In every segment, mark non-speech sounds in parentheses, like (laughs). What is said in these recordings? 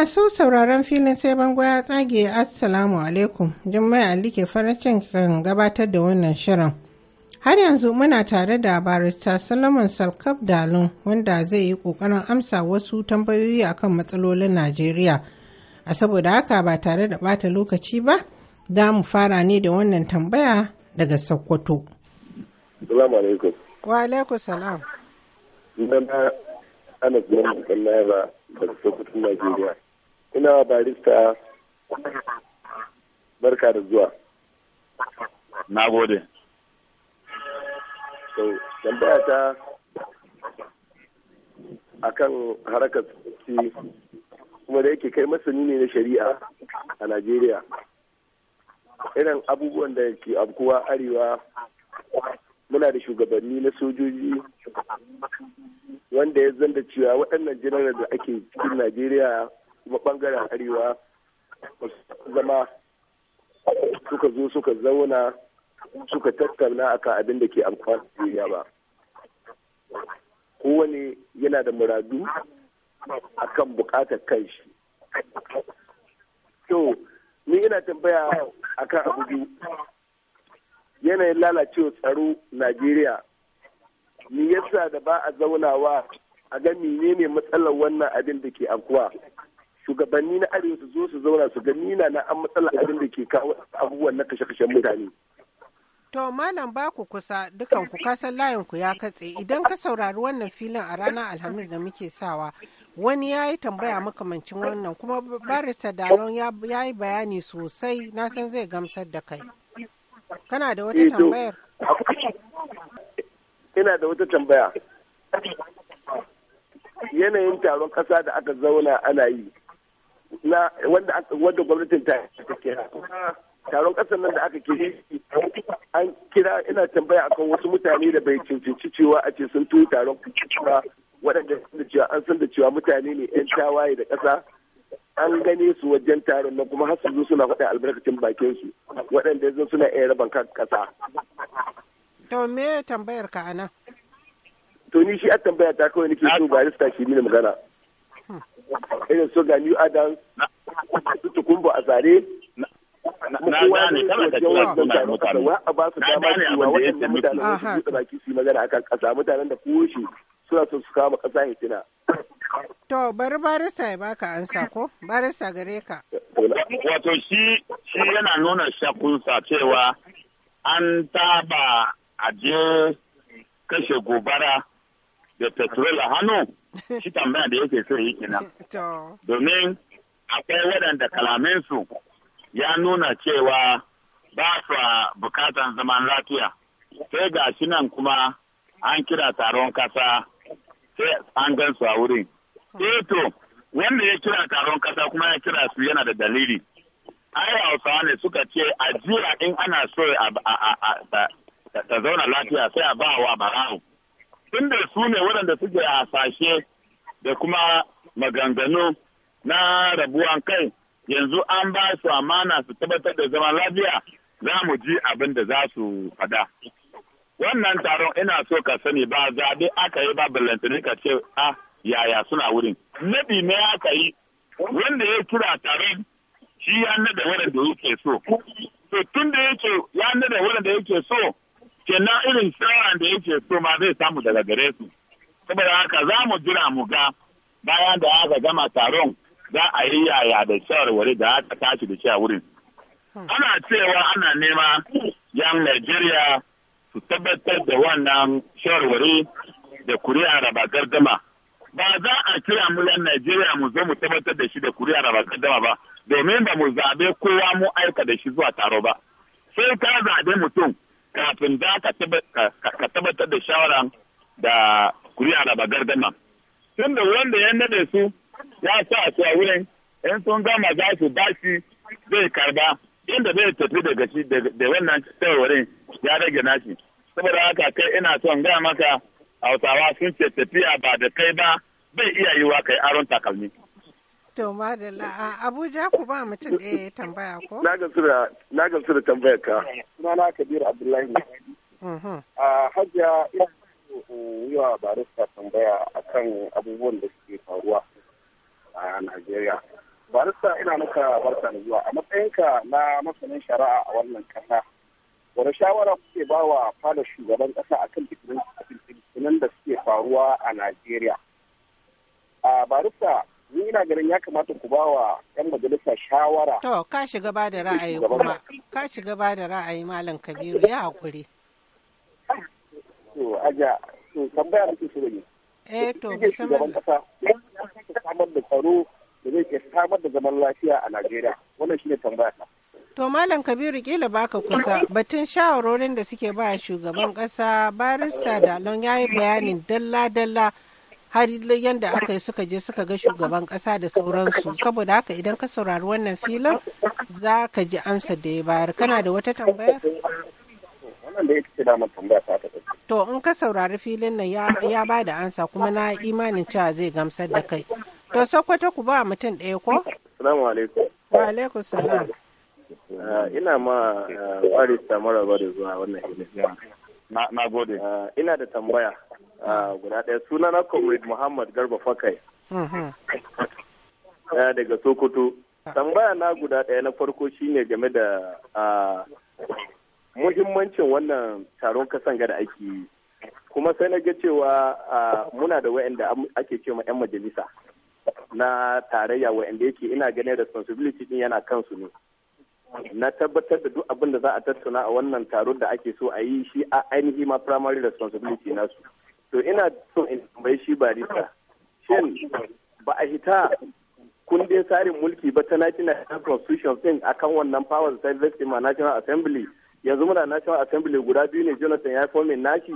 Masu sauraron filin sai bango ya tsage Assalamu alaikum, Jummai Ali ke farancin kan gabatar da wannan shirin. Har yanzu muna tare da barista Solomon Salkab dalin wanda zai yi ƙoƙarin amsa wasu tambayoyi akan matsalolin Najeriya. A saboda haka ba tare da bata lokaci ba, za mu fara ne da wannan tambaya daga Sokoto. Salamu alaikum. Najeriya. ina barista barka da zuwa na gode tambaya ta akan harakar tsoci kuma da yake kai masani ne na shari'a a najeriya irin abubuwan da ke abkuwa arewa muna da shugabanni na sojoji wanda ya zanda cewa waɗannan jiranar da ake cikin najeriya kuma bangaren arewa zama suka zo suka zauna suka tattauna akan abin da ke amfani Najeriya ba kowane yana da muradu akan bukatar kanshi to ni ina tambaya akan abu biyu yanayin lalacewa tsaro Najeriya ni yasa da ba a zaunawa a ga menene matsalar wannan abin da ke akuwa shugabanni na arewa su zo su zauna su ga nina na an matsala abin da ke kawo abubuwan na kashe-kashen mutane. To malam ba ku kusa dukan ku kasan layin ku ya katse idan ka saurari wannan filin a ranar Alhamis da muke sawa wani ya yi tambaya makamancin wannan kuma barista dalon ya yi bayani sosai na san zai gamsar da kai. Kana da wata eh, tambayar? Ina da wata tambaya. Yanayin taron ƙasa da aka zauna ana yi na wanda wanda gwamnatin ta kira taron kasar nan da aka kiri an kira ina tambaya akan wasu mutane da bai cincinci cewa a ce sun tuyi taron kuma waɗanda da cewa an san da cewa mutane ne yan tawaye da ƙasa an gane su wajen taron nan kuma har su suna faɗa albarkacin bakin su waɗanda yanzu suna iya rabon kan ƙasa. To me tambayar ka anan? To ni shi a tambaya ta kawai nake so barista shi ne magana. irin su New Adams, su Tukumbu a zare, na gane da suna mutane da su baki su magana akan mutanen da koshi suna su kama ƙasa To bari barisa ya baka ansa ko barisa gare ka. Wato shi yana nuna shakunsa cewa an taba aje kashe gobara da petrol a hannu shi tambaya da yake so yi kenan (laughs) domin akwai waɗanda kalamansu ya nuna cewa ba su bukatan zaman lafiya sai ga shi nan kuma an kira taron kasa sai an gan su a wurin eh to wanda ya kira taron kasa kuma ya kira su yana da dalili ai hausawa ne suka ce a jira in ana so ta zauna lafiya sai a ba wa barawo tunda su ne waɗanda suke hasashe da kuma maganganu na rabuwan kai yanzu an ba su amana su tabbatar da zaman lafiya za mu ji abin da za su faɗa. Wannan taron ina so ka sani ba zaɓe aka yi ba ballantane ka ce a yaya suna wurin. Nabi ne aka yi wanda ya kira taron shi ya nada waɗanda yake so. To tun da yake ya nada waɗanda yake so kenan irin shawaran da yake so ma zai samu daga gare su saboda haka za mu jira mu ga bayan da aka gama taron za a yi yaya da shawarwari da aka tashi da shi wurin. ana cewa ana nema yan Najeriya su tabbatar da wannan shawarwari da kuri'a raba gardama ba za a kira mu yan Najeriya mu zo mu tabbatar da shi da kuri'a raba gardama ba domin ba mu zaɓe kowa mu aika da shi zuwa taro ba sai ka zaɓe mutum kafin za ka tabbatar da shawara da kuri'a da bagardama tun da wanda ya nade su ya sa su a wurin yan sun gama za su ba shi zai karba inda zai tafi daga shi da wannan tsawarin ya rage nashi saboda haka kai ina son gaya maka hausawa sun ce tafiya ba da kai ba bai iya yiwa kai aron takalmi To madalla Abuja ku ba mutum ɗaya tambaya ko? Na gamsu da tambayar ka. sunana kabir abdullahi mm-hmm. a hajja ina yi wa barista tambaya akan abubuwan da suke faruwa a najeriya barista ina maka barka da zuwa a matsayinka na masanin shari'a a wannan kasa wani shawara kuke ba wa fada shugaban kasa akan fitinan da suke faruwa a najeriya a barista ni ina ganin ya kamata ku ba wa 'yan majalisa shawara. To, ka shiga ba da ra'ayi kuma, ka shiga ba da ra'ayi Malam Kabiru (laughs) ya hakuri. To, aja, to, tambaya ake eh, shi ne. Eh, to, musamman. kasa, samar da tsaro da zai ke samar da zaman lafiya a Najeriya. Wannan shi ne tambaya ta. To Malam Kabiru kila baka kusa batun shawarorin da suke ba shugaban kasa barista da don yayi bayanin dalla-dalla har yadda aka yi suka je suka ga shugaban kasa da sauransu saboda haka idan ka saurari wannan filin za ka ji amsa da ya bayar kana da wata tambaya to in ka saurari filin nan ya ba da ansa kuma na imanin cewa zai gamsar da kai to sokoto ku ba mutum ɗaya ko salamu wa alaikum salam eh, ina ma warista eh, mara da zuwa wannan eh, ina da tambaya Ah, guda ɗaya suna na comrade muhammad garba fakai mhm. eh, daga sokoto tambaya na guda ɗaya na farko shine game da ah, muhimmancin wannan taron kasan da ake yi kuma sai na ga cewa ah, muna da wa'anda ake ce ma 'yan majalisa na tarayya wa'anda yake ina ganin responsibility din yana kansu ne na tabbatar da duk abin da za a tattauna a wannan taron da ake so a yi shi a ainihi ma primary responsibility nasu to ina so in bai shi barista shin ba a hita kundin tsarin mulki ba ta national constitution din akan wannan powers ta vested ma national assembly yanzu muna national assembly guda biyu ne jonathan ya fome nashi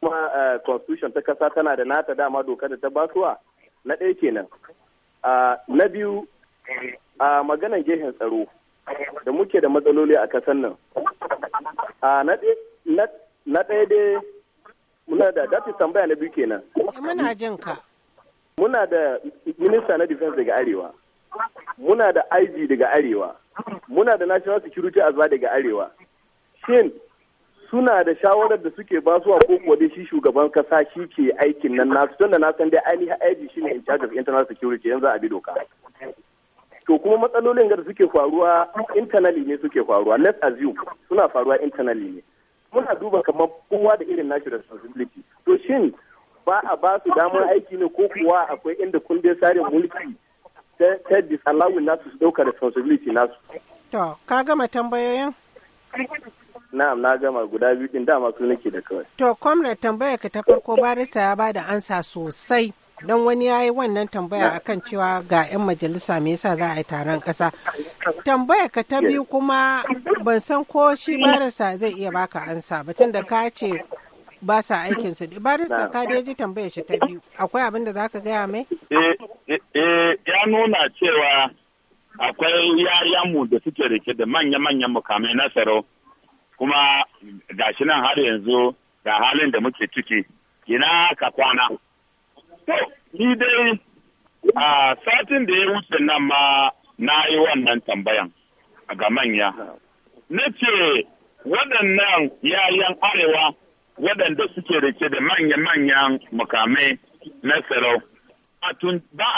kuma eh, constitution ta kasa tana da nata dama doka da ta basuwa na ɗaya kenan ah, na biyu a maganan gehen tsaro da muke da matsaloli a kasan nan ah, na ɗaya dai muna da dati tambaya na biyu kenan eh, muna jin ka muna da minista na defense daga arewa muna da IG daga arewa muna da national security azba daga arewa shin suna da shawarar da suke basuwa ko kuwa dai shi shugaban kasa shi ke aikin nan nasu tunda na san dai ainihin IG ne in charge of internal security yanzu a bi doka to kuma matsalolin da suke faruwa internally ne suke faruwa let's assume suna faruwa internally ne muna duba kamar kowa da irin nashi responsibility to shin ba a ba su damar aiki ne ko kuwa akwai inda kundin tsarin mulki ta disallowing nasu su dauka responsibility nasu. To, ka gama tambayoyin? Na'am, na gama guda biyu din dama su nake da kawai. To, comrade tambaya ka ta farko barista ya ba da ansa sosai. Don wani ya yi wannan tambaya akan cewa ga 'yan majalisa me yasa za a yi taron ƙasa. tambaya ka ta biyu kuma ban san ko shi barasa zai iya baka ansa ba tunda ka ce ba sa aikin su barasa ka dai ji tambaya shi ta biyu akwai abin da zaka gaya mai eh, eh, eh ya nuna cewa akwai yayanmu da suke rike da manya-manyan mukamai na tsaro kuma gashi nan har yanzu da halin da muke ciki ina ka kwana ni dai a satin da ya wuce nan ma na yi wannan tambayan ga manya. Na ce waɗannan yayan arewa waɗanda suke rike da manya-manyan mukamai na sarau. Ba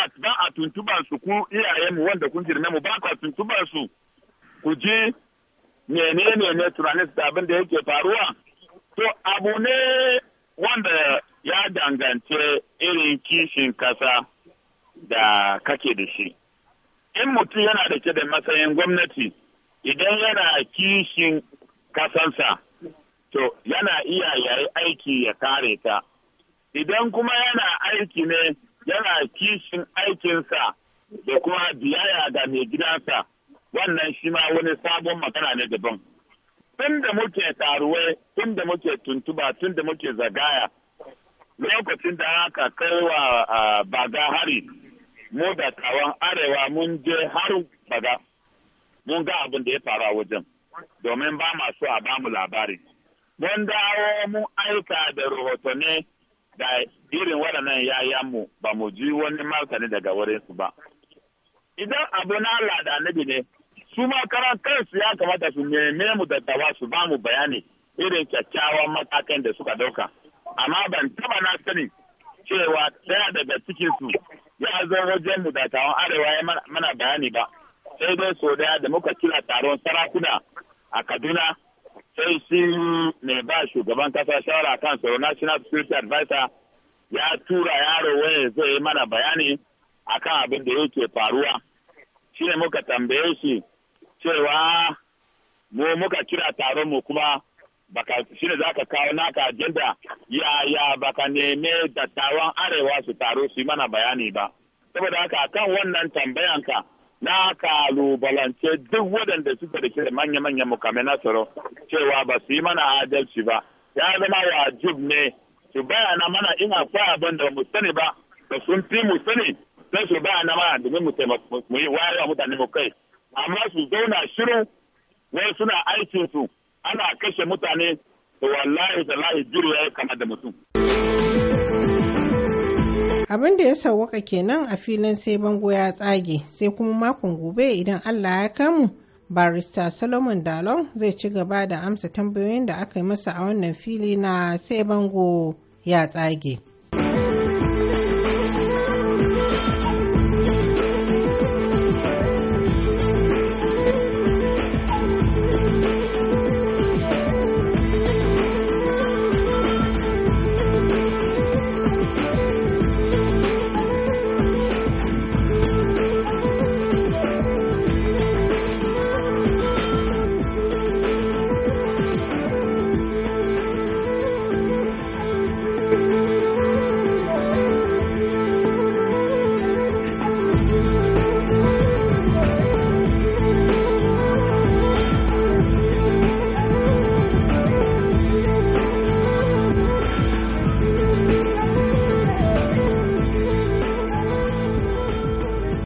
a tuntuban su ku iyayenmu wanda kun girme mu ba ka tuntuban su ku ji menene ne tunanin da abin da yake faruwa. To abu ne wanda ya dangance irin kishin kasa da kake da shi. in mutum yana da ke da matsayin gwamnati idan yana kishin kasansa to yana iya yayi aiki ya kare ta idan kuma yana aiki ne yana kishin aikinsa da kuma biyaya ga mai gidansa wannan shi ma wani sabon magana ne daban tun da muke taruwe, tun da muke tuntuba tun da muke zagaya lokacin da aka kai wa ah, baga hari mu da kawan arewa mun je har baga mun ga abin da ya faru a wajen domin ba ma so a bamu labari mun dawo mun aika da rahotanni da irin waɗannan yayanmu ba mu ji wani martani daga su ba idan abu na Allah da annabi ne su makaran kansu ya kamata su neme mu da dawa su ba mu bayani irin kyakkyawan matakan da suka dauka amma ban taba na sani cewa daya daga cikin su ya zo wajen mu tawon arewa ya mana bayani ba sai dai so daya da muka kira taron sarakuna a kaduna sai shi ne ba shugaban kasa shawara kan tsaro national security advisor ya tura yaro waya zai yi mana bayani a kan abin da yake faruwa shi ne muka tambaye shi cewa mu muka kira taron mu kuma baka shine zaka kawo naka agenda ya ya baka neme dattawan arewa su taro su mana bayani ba saboda haka kan wannan tambayan ka na kalubalance duk waɗanda suka da kira manya-manyan mukamai na tsaro cewa ba su yi mana adalci ba ya zama wajib ne su bayana mana in akwai abin da mu ba da sun fi mu sai su bayana mana domin mu taimaka mu yi mutane mu kai amma su zauna shiru wai suna aikinsu ana kashe mutane da wallahi lahi jiri ya kama da mutum. Abin da ya sauwaka kenan a filin sai bango ya tsage sai kuma makon gobe idan Allah ya kamu barista Solomon Dalon zai ci gaba da amsa tambayoyin da aka yi masa a wannan fili na sai bango ya tsage.